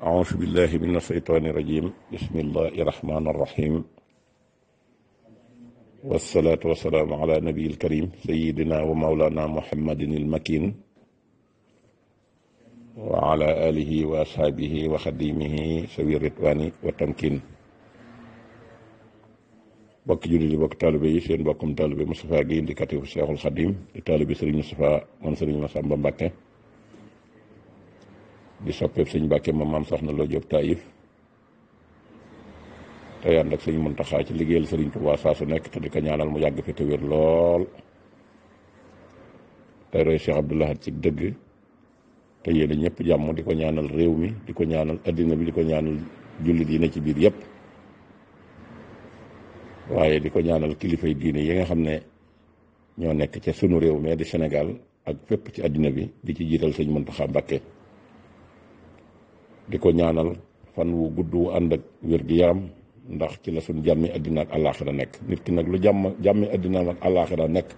أعوذ بالله من الشيطان الرجيم بسم الله الرحمن الرحيم والصلاة والسلام على نبي الكريم سيدنا ومولانا محمد المكين وعلى آله وأصحابه وخديمه سوي الرضوان والتمكين bokk jullit yi bokk taalibe yi seen bokkum taalibe Moustapha Guèye di katifu Cheikhul Khadim di taalibe Serigne Moustapha man Serigne Massamba Mbacké di soppeeb sëñ Mbàkke ma maam soxna Lo Jóob Taayif tey ànd ak sëñ Muntaxaa ci liggéeyal sëriñ Tuubaa saa su nekk te di ko ñaanal mu yàgg fi te wér lool ci dëgg te yéene ñëpp jàmm di ko ñaanal réew mi di ko ñaanal addina bi di ko ñaanal jullit yi ne ci biir yëpp waaye di ko ñaanal kilifay diine yi nga xam ne ñoo nekk ca sunu réew mi di senegal ak fépp ci addina bi di ci jiital sëñ Muntaxaa Mbàkke di ko ñaanal fan wu gudd wu ànd ak wér-gi-yaram ndax ci la suñ jàmmi àddina ak àllaaxira nekk nit ki nag lu jàmm jàmmi àddina ak àllaaxira nekk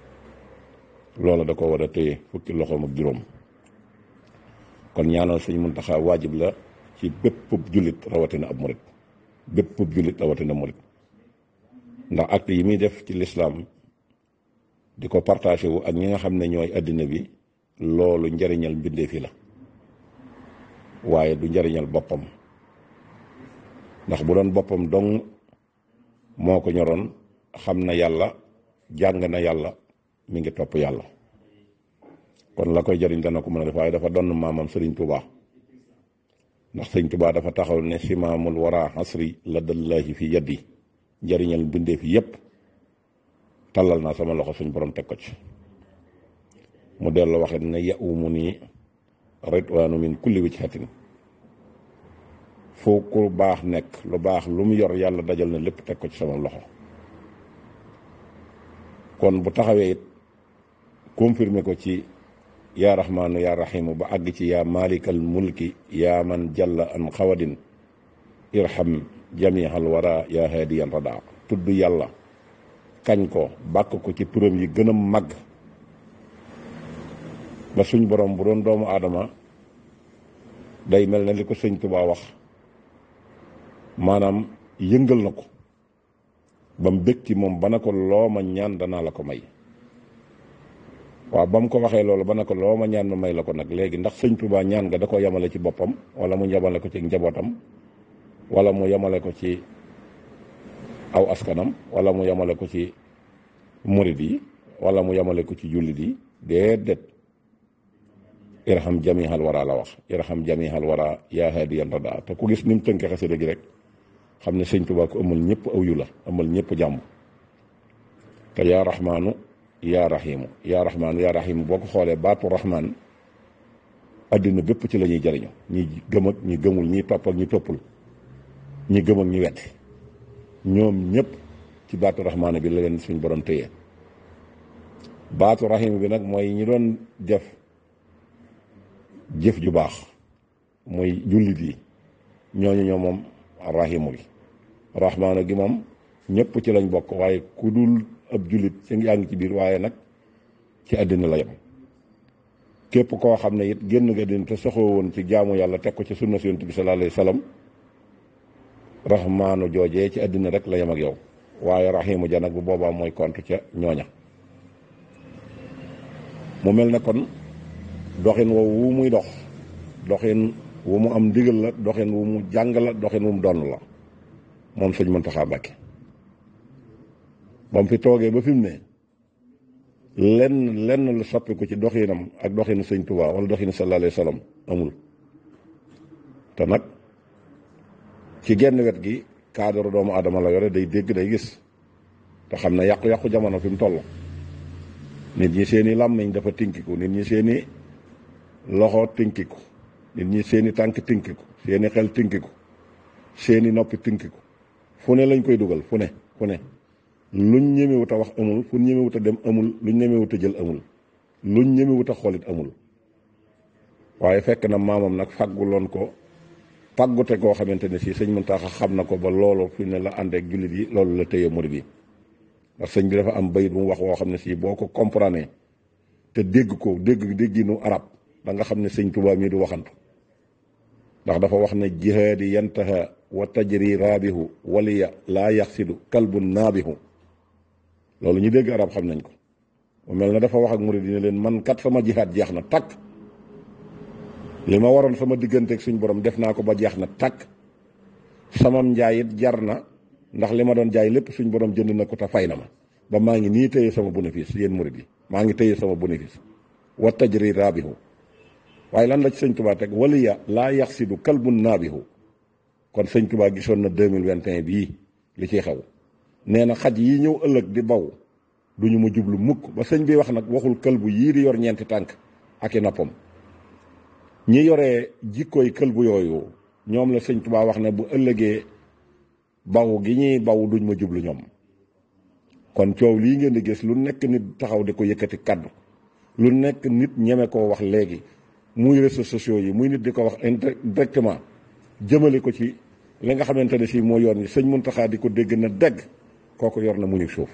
loola da ko war a téye fukki loxoom ak juróom kon ñaanal suñ Muntaxa waajib la ci bépp jullit rawatina ab murit bépp jullit rawatina murit ndax acte yi muy def ci lislaam di ko partagé wu ak ñi nga xam ne ñooy àddina bi loolu njariñal mbindeef yi la waaye du njariñal boppam ndax bu doon boppam dong moo ko ñoroon xam na yàlla jàng na yàlla mu ngi topp yàlla kon la koy jariñ dana ko mën a def waaye dafa donn maamam sëriñ tubaa ndax sëriñ tubaa dafa taxaw ne simaamul waraa xasri la dallaahi fi yaddi njariñal mbindeef yépp tàllal naa sama loxo suñ borom teg ko ci mu dellu waxit ne ya umu nii ridwaanu min kulli wijhatin foo ku baax nekk lu baax lu mu yor yàlla dajal na lépp teg ko ci sama loxo kon bu taxawee it confirmer ko ci yaa raxmaanu yaa raxiimu ba àgg ci yaa maalikal mulki yaa man jalla an xawadin irham jamihal wara yaa haadiyan radaa tudd yàlla kañ ko bàkk ko ci turam yi gën a màgg ba suñ borom bu doon doomu aadama day mel ne li ko sëñ Tuubaa wax maanaam yëngal na ko bam mu ci moom ba na ko loo ma ñaan danaa la ko may waaw ba mu ko waxee loolu ba na ko loo ma ñaan may la ko nag léegi ndax sëñ Tuubaa ñaan nga da ko yemale ci boppam wala mu yemale ko ci njabootam wala mu yemale ko ci aw askanam walla mu yemale ko ci murid yi wala mu yemale ko ci jullit yi déedéet irham jamihal wara la wax irham jamihal wara yaa hadiyan rada te ku gis ni mu tënke xasida rek xam ne sëñ Tuubaa ko amal ñëpp aw yu la amal ñëpp jàmm te yaa rahmaanu yaa rahimu yaa rahmaanu yaa rahimu boo ko xoolee baatu rahmaan addina bépp ci la ñuy jëriñu ñi gëm ñi gëmul ñi topp ak ñi toppul ñi gëm ñi wetti ñoom ñëpp ci baatu rahmaan bi la leen suñ borom téye baatu rahim bi nag mooy ñi doon def jëf ju baax muy jullit yi ñooñu ñoo moom rahimu gi rahmaanu gi moom ñëpp ci lañ bokk waaye ku dul ab jullit si yaa ngi ci biir waaye nag ci àddina la yem képp koo xam ne it génn nga àddina te soxoo woon ci jaamu yàlla teg ko ci sunna si yonent bi wa sallam rahmaanu joojee ci àddina rek la yem ak yow waaye rahimu ja nag bu boobaa mooy kont ca ñooña mu mel ne kon doxin woowu muy dox doxin wu mu am ndigal la doxin wu mu jàng la doxin wu mu donn la moom sëñ Muntaxa Mbàkke ba mu fi toogee ba fi mu ne lenn lenn lu soppiku ci doxinam ak doxin sëñ Tuubaa wala doxin sallallahu alayhi wa sallam amul te nag ci genn wet gi cadre doomu aadama la yore day dégg day gis te xam na yàqu-yàqu jamono fi mu toll nit ñi seeni làmmiñ dafa tinkiku nit ñi seeni loxo tinkiku nit ñi seeni tànk tinkiku seeni xel tinkiku seeni noppi tinkiku fu ne lañ koy dugal fu ne fu ne luñ ñemewut a wax amul fu ñemewut a dem amul luñ ñemewut a jël amul luñ ñemewut a xoolit amul waaye fekk na maamam nag faggu loon ko faggute koo xamante ne si sëñ Muntaxa xam na ko ba loolu fi ne la ànd ak jullit yi loolu la téye murid bi ndax sëñ bi dafa am bayit mu wax woo xam ne si boo ko comprendre te dégg ko dégg dégginu arab da nga xam ne sëñ Tuubaa mii du waxantu ndax dafa wax ne jihaadi yantaha wa tajri raabihu waliya laa yaxsidu kalbun naabihu loolu ñu dégg arab xam nañ ko mu mel na dafa wax ak murid yi ne leen man kat sama jihaad jeex na takk li ma waroon sama digganteeg suñ borom def naa ko ba jeex na takk samam njaay it jar na ndax li ma doon jaay lépp suñ borom jënd na ko te fay na ma ba maa ngi nii téye sama bénéfice yéen murid yi maa ngi téye sama bénéfice wa tajri raabihu waaye lan la ci sëñ Tuubaa teg waliya laa yaxsidu kalbun naabihu kon sëñ Tuubaa gisoon na mille 2021 bii li ciy xew nee na xaj yi ñëw ëllëg di baw duñu ma jublu mukk ba sëñ bi wax nag waxul këlbu yii di yor ñeenti tànk ak i nappam ñi yore jikkooy këlbu yooyu ñoom la sëñ Tuubaa wax na bu ëllëgee baw gi ñuy baw duñ ma jublu ñoom kon coow lii ngeen di gis lu nekk nit taxaw di ko yëkkati kàddu lu nekk nit ñeme koo wax léegi muy réseaux sociaux yi muy nit di ko wax directement jëmale ko ci li nga xamante ne si moo yoon ni sëñ Muntaxa di ko dégg na dégg kooku yor na muñu suuf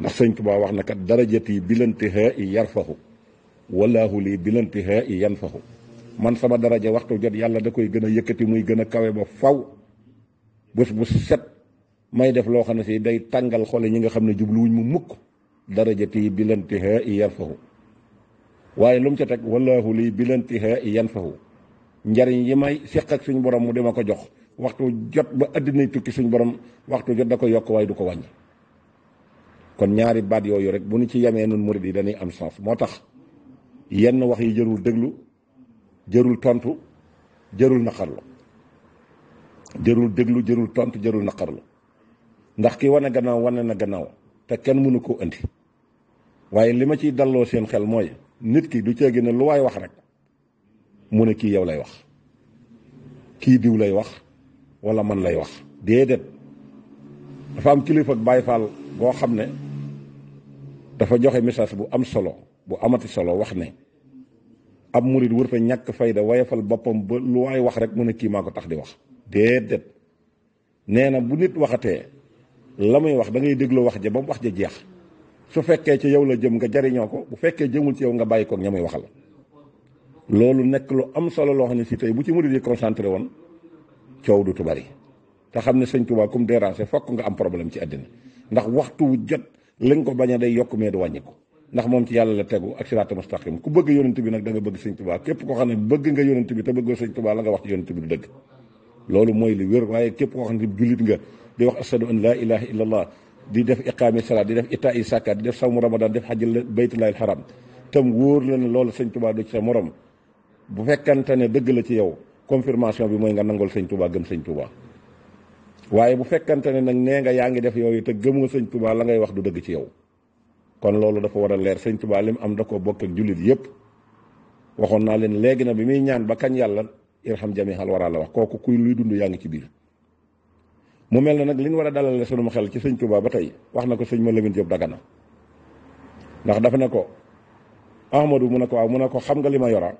ndax sëñ Tuubaa wax na kat darajat yi bilantihaa i yarfaxu walaahu lii bilantihaa i yanfaxu man sama daraja waxtu jot yàlla da koy gën a yëkkati muy gën a kawe ba faw bés bu set may def loo xam ne si day tàngal xole ñi nga xam ne jubluwuñ mu mukk darajat yi bilantihaa i yarfaxu waaye lu mu ca teg wallaahu lii bi leen tixee yan fahu njariñ yi may seq ak suñu borom mu dima ko jox waxtu jot ba addinay tukki suñu borom waxtu jot da ko yokk waaye du ko wàññi kon ñaari baat yooyu rek bu ñu ci yemee nun murid yi dañuy am sens moo tax yenn wax yi jërul déglu jërul tontu jërul naqarlu jërul déglu jërul tontu jërul naqarlu ndax ki wane gannaaw wane na gannaaw te kenn mënu koo indi waaye li ma ciy dalloo seen xel mooy nit ki du ceegi ne lu waay wax rek mu ne kii yow lay wax kii diw lay wax wala man lay wax déedéet dafa am kilifa ak Baay Faal goo xam ne dafa joxe message bu am solo bu amati solo wax ne am murit wër ñàkk fayda wayefal boppam ba lu wax rek mu ne kii maa ko tax di wax déedéet nee na bu nit waxatee la muy wax da déglu wax ja ba mu wax ja jeex su fekkee ci yow la jëm nga jariñoo ko bu fekkee jëmul ci yow nga bàyyi koog ña muy waxal loolu nekk lu am solo loo xam ne si tey bu ci murid yi concentré woon coow du yi te xam ne sëñ Tuubaa comme déranger fokk nga am problème ci àddina ndax waxtu wu jot li ko bañ a day yokk mais du wàññi ko ndax moom ci yàlla la tegu ak siraata mustaqim ku bëgg yonent bi nag da nga bëgg sëñ Tuubaa képp ko xam ne bëgg nga yonent bi te bëggoo sëñ Tuubaa la nga wax ci yonent bi du mooy li wér waaye képp koo xam ne nga di wax ashadu an laa ilaha illa allah di def iqaami salaat di def itaa i sàkkaat di def sawmu ramadan def xajjal baytullahi alxaram tam wóor la ne loolu sëñ tubaa du ci sa morom bu fekkante ne dëgg la ci yow confirmation bi mooy nga nangol sëñ gëm sëñ tubaa waaye bu fekkante ne nag nee nga yaa ngi def yooyu te gëmoo sëñ tubaa la ngay wax du dëgg ci yow kon loolu dafa war a leer sëñ tubaa lim am da koo bokk ak jullit yépp waxoon naa leen léegi na bi muy ñaan ba kañ yàlla irham jami xal waraa la wax kooku kuy luy dund yaa ngi ci biir mu mel na nag li ñu war a dalale sunu xel ci sëñ Touba ba tey wax na ko sëñ ma Lamine Diop Dagana ndax dafa ne ko Ahmadou mu ne ko waaw mu ne ko xam nga li ma yora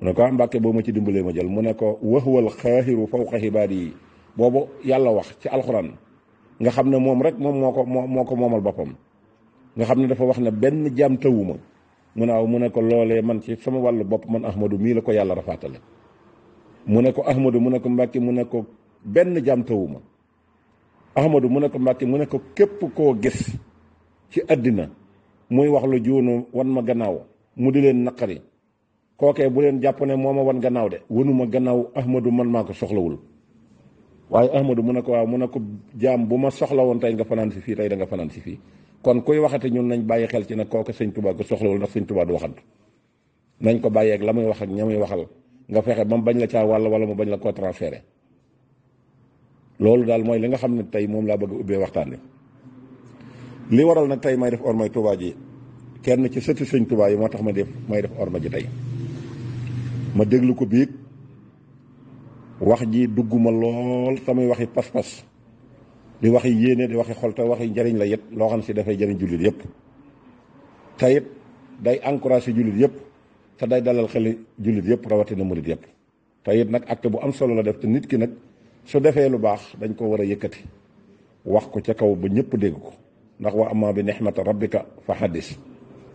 mu ne ko ah, ma ci dimbalee ma jël mu ne ko waxwal xaaxiru fawqa xibaadi yi boobu yàlla wax ci alxuraan nga xam ne moom rek moom moo ko moo ko moomal boppam nga xam ne dafa wax ne benn jaam tawuma mu ne aw mu ne ko loolee man ci sama wàllu bopp man Ahmadou mii la ko yàlla rafaatale mu ne ko Ahmadou mu ne ko Mbàkke mu ne ko benn jaam tawuma ahmadu mu ne ko mbàkke mu ne ko képp koo gis ci àddina muy wax lu juunu wan ma gannaaw mu di leen naqari kookee bu leen jàpp ne moo ma wan gannaaw de ma gannaaw ahmadu man maa ko soxlawul waaye ahmadu mu ne ko waaw mu ne ko jaam bu ma soxla woon tey nga fanaan si fii tey da nga fanaan si fii kon kuy waxati ñun nañ bàyyi xel ci ne kooke sëñ tubaa ko soxlawul ndax sëñ tubaa du waxantu nañ ko bàyyeeg la muy wax ak ña muy waxal nga fexe ba mu bañ la caa wàll wala mu bañ la koo transféré loolu daal mooy li nga xam ne tey moom laa bëgg a ubbee waxtaan li waral nag tey may def ormay Touba ji kenn ci sëti sëñ Touba moo tax ma def may def orma ji tey ma déglu ko biig wax ji dugg ma lool samay waxi pas-pas di waxi yéene di waxi xol te waxi njariñ la yet loo xam si dafay jariñ jullit yëpp te it day encouragé jullit yëpp sa day dalal xeli jullit yëpp rawatina murit yëpp te nag acte bu am solo la def te nit ki nag su defee lu baax dañ koo war a yëkkati wax ko ca kaw ba ñëpp dégg ko ndax wa amma bi nixmata rabbika fa xaddis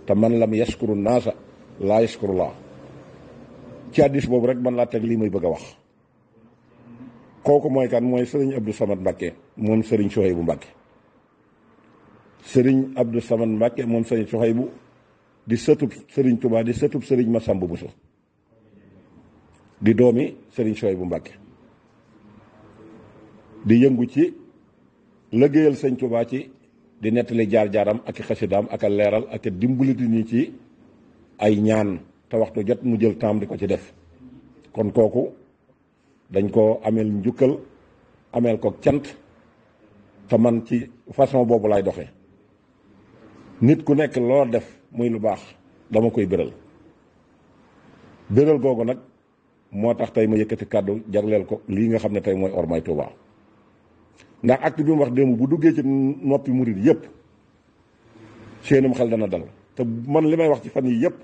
te man la lam yaskuru naasa laa yaskuru laa ci hàddis boobu rek man laa teg lii may bëgg a wax kooku mooy kan mooy sëriñ Abdou Samad Mbàkke moom sëriñ bu Mbàkke sëriñ Abdou Samad Mbàkke moom sëriñ bu di sëtub sëriñ Tuubaa di sëtub sëriñ Masamba Buso di doomi sëriñ bu Mbàkke di yëngu ci liggéeyal sëñ Tuubaa ci di nettali jaar-jaaram ak i xasidaam ak a leeral ak a dimbali di ñi ci ay ñaan te waxtu jot mu jël temps di ko ci def kon kooku dañ koo ameel njukkal ameel kook cant te man ci façon boobu lay doxe nit ku nekk loo def muy lu baax dama koy béral béral googu nag moo tax tey ma yëkkati kàddu jagleel ko lii nga xam ne tey mooy ormay Tuubaa ndax acte bi mu wax démb bu duggee ci noppi murid yëpp seenum xel dana dal te man li may wax ci fan yi yëpp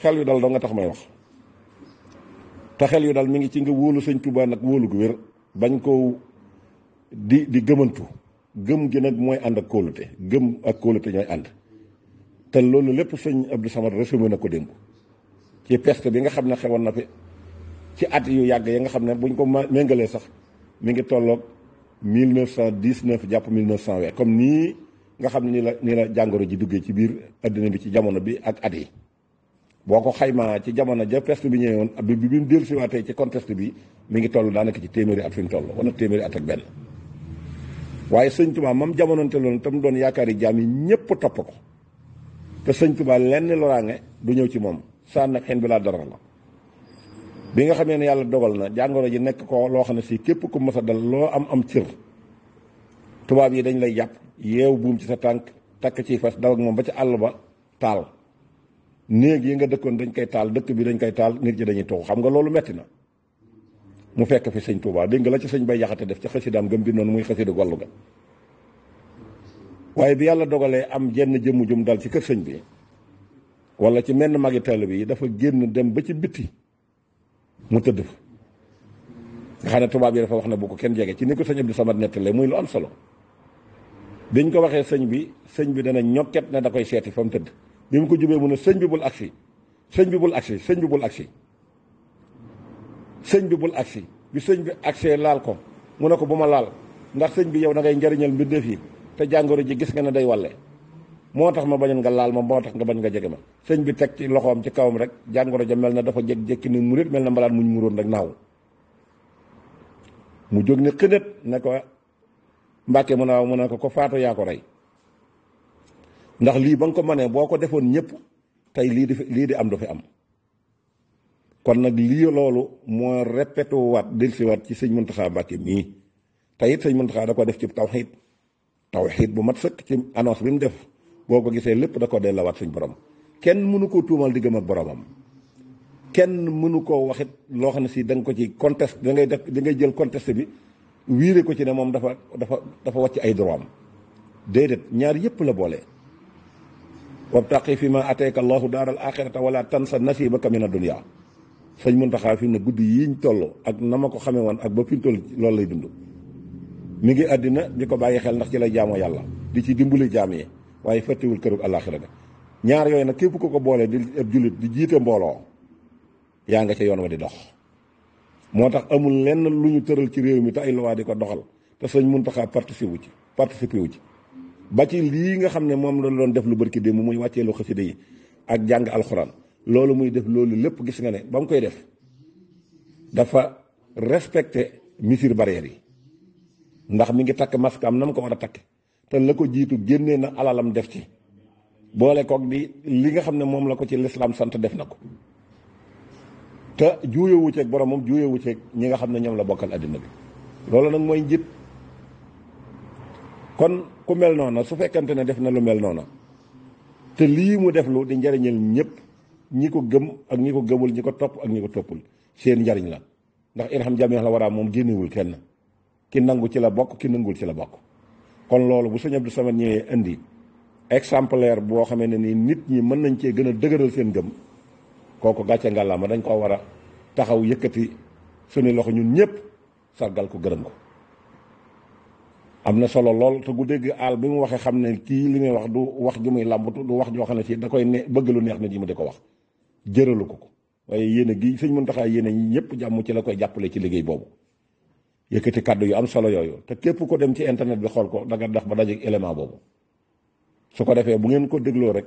xel yu dal da nga tax may wax te xel yu dal mi ngi ci nga wóolu sëñ Tuubaa nag wóolu gu wér bañ koo di di gëmantu gëm gi nag mooy ànd ak kóolute gëm ak kóolute ñooy ànd te loolu lépp sëñ Abdou Samad résumé na ko démb ci peste bi nga xam ne xewoon na fi ci at yu yàgg yi nga xam ne buñ ko méngalee sax mi ngi tolloog mille neuf cent dix neuf jàpp mille neuf cent vingt comme nii nga xam ne ni la ni la jàngoro ji duggee ci biir àddina bi ci jamono bi ak at yi boo ko xaymaa ci jamono ja peste bi ñëwee ñëwoon bi bi mu dellu siwaatee ci contexte bi mu ngi toll daanaka ci téeméeri at fi mu toll wala téeméeri at ak benn waaye sëñ Tuubaa mam jamononte loolu tam doon yaakaari jaam yi ñëpp topp ko te sëñ Tuubaa lenn loraange du ñëw ci moom saan nag xen bi laa dara la bi nga xamee ne yàlla dogal na jàngoro ji nekk ko loo xam ne sii képp ku mës a dal loo am am cër tubaab yi dañ lay jàpp yeew buum ci sa tànk takk ciy fas daw ak moom ba ca àll ba taal néeg yi nga dëkkoon dañ koy taal dëkk bi dañ koy taal nit ñi dañuy toog xam nga loolu metti na mu fekk fi sëñ Touba dégg nga la ci sëñ Bay Jaxate def ci xasidaam gëm bi noonu muy xasida wàllu ga waaye bi yàlla dogalee am jenn jëmm jum dal ci kër sëñ bi wala ci menn magi taalibe dafa génn dem ba ci bitti mu tëdd fa nga xam ne tubaab yi dafa wax ne bu ko kenn jege ci ni ko sëñ Abdou Samad nettalee muy lu am solo biñ ko waxee sëñ bi sëñ bi dana ñokket na da koy seeti fa mu tëdd bi mu ko jubee mu ne sëñ bi bul agsi sëñ bi bul agsi sëñ bi bul agsi sëñ bi agsi bi sëñ bi agsee laal ko mu ne ko bu ma laal ndax sëñ bi yow da ngay njëriñal mbindeef yi te jàngoro ji gis nga ne day walle moo tax ma bañoon nga laal ma moo tax nga bañ nga jege ma sëñ bi teg ci loxoom ci kawam rek jàngoro ja mel na dafa jékki-jékki ni murit mel na mbalaan muñ muróon rek naaw mu jóg ne xënét ne ko mbàkke mu naaw mu ne ko ko faatu yaa rey ndax lii ba nga ko mënee boo ko defoon ñëpp tey lii di lii di am du fi am kon nag lii loolu moo répété waat dellusiwaat ci sëñ Muntaxa Mbàkke mii te it sëñ Muntaxa da ko def ci tawxiid tawxiid bu mat sëkk ci annonce bi mu def boo ko gisee lépp da ko delloowaat suñ borom kenn mënu koo tuumal diggam ak boromam kenn mënu koo waxit loo xam ne si da ko ci conteste da ngay def da ngay jël conteste bi wiire ko ci ne moom dafa dafa dafa wàcc ay droit am déedéet ñaar yëpp la boole wabtaqi fii ma atayka allahu daaral axirata wala tansa nasibaka min ad-dunya sëñ Muntaxa fi mu ne guddi yiñ toll ak na ma ko xamee woon ak ba fi toll loolu lay dund mu ngi àddina di ko bàyyi xel ndax ci lay jaamoo yàlla di ci dimbali jaam waaye fàttewul këru àllaaxira ga ñaar yooyu nag képp ko ko boolee di ab jullit di jiite mbooloo yaa nga ca yoon wa di dox moo tax amul lenn lu ñu tëral ci réew mi te ay luwaa di ko doxal te sëñ Muntaxa participer wu ci participer wu ci ba ci lii nga xam ne moom la doon def lu barki démb muy wàcceelu xasida yi ak jàng alxuraan loolu muy def loolu lépp gis nga ne ba mu koy def dafa respecté mesures barrières yi ndax mi ngi takk masque am na mu ko war a takk te la ko jiitu génnee na alalam def ci boole koog di li nga xam ne moom la ko ci lislaam sant def na ko te juuyowu ceeg borom moom juuyowu ceeg ñi nga xam ne ñoom la bokkal àddina bi loolu nag mooy njit kon ku mel noona su fekkante ne def na lu mel noona te lii mu def lu di njariñal ñëpp ñi ko gëm ak ñi ko gëmul ñi ko topp ak ñi ko toppul seen njariñ la ndax xam jami la waraa moom génnewul kenn ki nangu ci la bokk ki nangul ci la bokk kon loolu bu sëñ bu Samad ñëwee indi exemplaire boo xamee ne nii nit ñi mën nañ cee gën a dëgëral seen gëm kooku gàcce ngàllaama dañ koo war a taxaw yëkkati suñu loxo ñun ñëpp sargal ko gërëm ko. am na solo lool te gu dégg àll bi mu waxee xam ne kii li muy wax du wax ju muy làmbatu du wax joo xam ne si da koy ne bëgg lu neex na ji mu di ko wax jëralu ko ko waaye yéen a gi sëñ taxaa yéen a ñëpp jàmmu ci la koy jàppale ci liggéey boobu. yëkkati kàddu yu am solo yooyu te képp ko dem ci internet bi xool ko danga dox ba dajeeg élément boobu su ko defee bu ngeen ko dégloo rek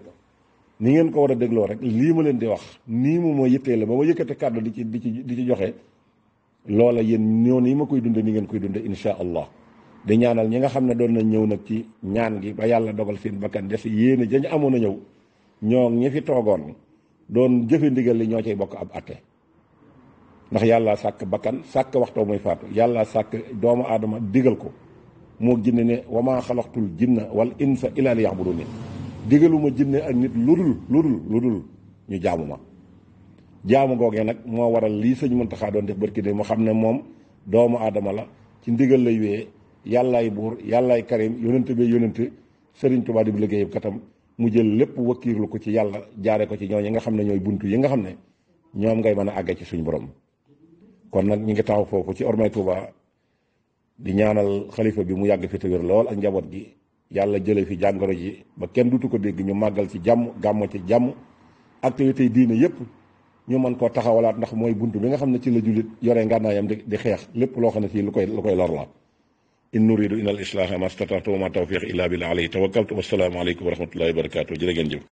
ni ngeen ko war a dégloo rek lii ma leen di wax nii mu ma yëttee la ba ma yëkkati kàddu di ci di ci di ci joxe loola yéen noonu yi ma koy dundee ni ngeen koy dundee incha allah di ñaanal ñi nga xam ne doon nañ ñëw nag ci ñaan gi ba yàlla dogal siin bakkan def yéene jañ amoon a ñëw ñoo ñi fi toogoon doon jëfe ndigal li ñoo cay bokk ab atte ndax yàlla sàkk bakkan sàkk waxtoo muy faatu yàlla sàkk doomu aadama digal ko moo jinne ne wama xalaxtul jinna wal insa bu li yaxbuduni digaluma jinne ak nit ludul ludul ludul ñu jaamu ma jaamu googee nag moo waral lii sëñ Muntaxa doon def barki de mu xam ne moom doomu aadama la ci ndigal lay wéyee yàllaay buur yàllaay karim yonent bi yonent sëriñ Tuubaa di liggéeyam katam mu jël lépp wakkiirlu ko ci yàlla jaare ko ci ñooñu nga xam ne ñooy buntu yi nga xam ne ñoom ngay mën a àgge ci suñu borom kon nag ñu ngi taxaw foofu ci ormay Touba di ñaanal xalifa bi mu yàgg fi te lool ak njaboot gi yàlla jële fi jàngoro ji ba kenn dutu ko dégg ñu màggal ci jàmm gàmmo ci jàmm activité diine yépp ñu mën koo taxawalaat ndax mooy bunt bi nga xam ne ci la jullit yore ngànnaayam di di xeex lépp loo xam ne ci lu koy lu koy lor la in nuridu al islaaha ma statatu ma tawfiq illa billah alayhi tawakkaltu wassalaamu aleykum wa rahmatullahi wa barakatuh ngeen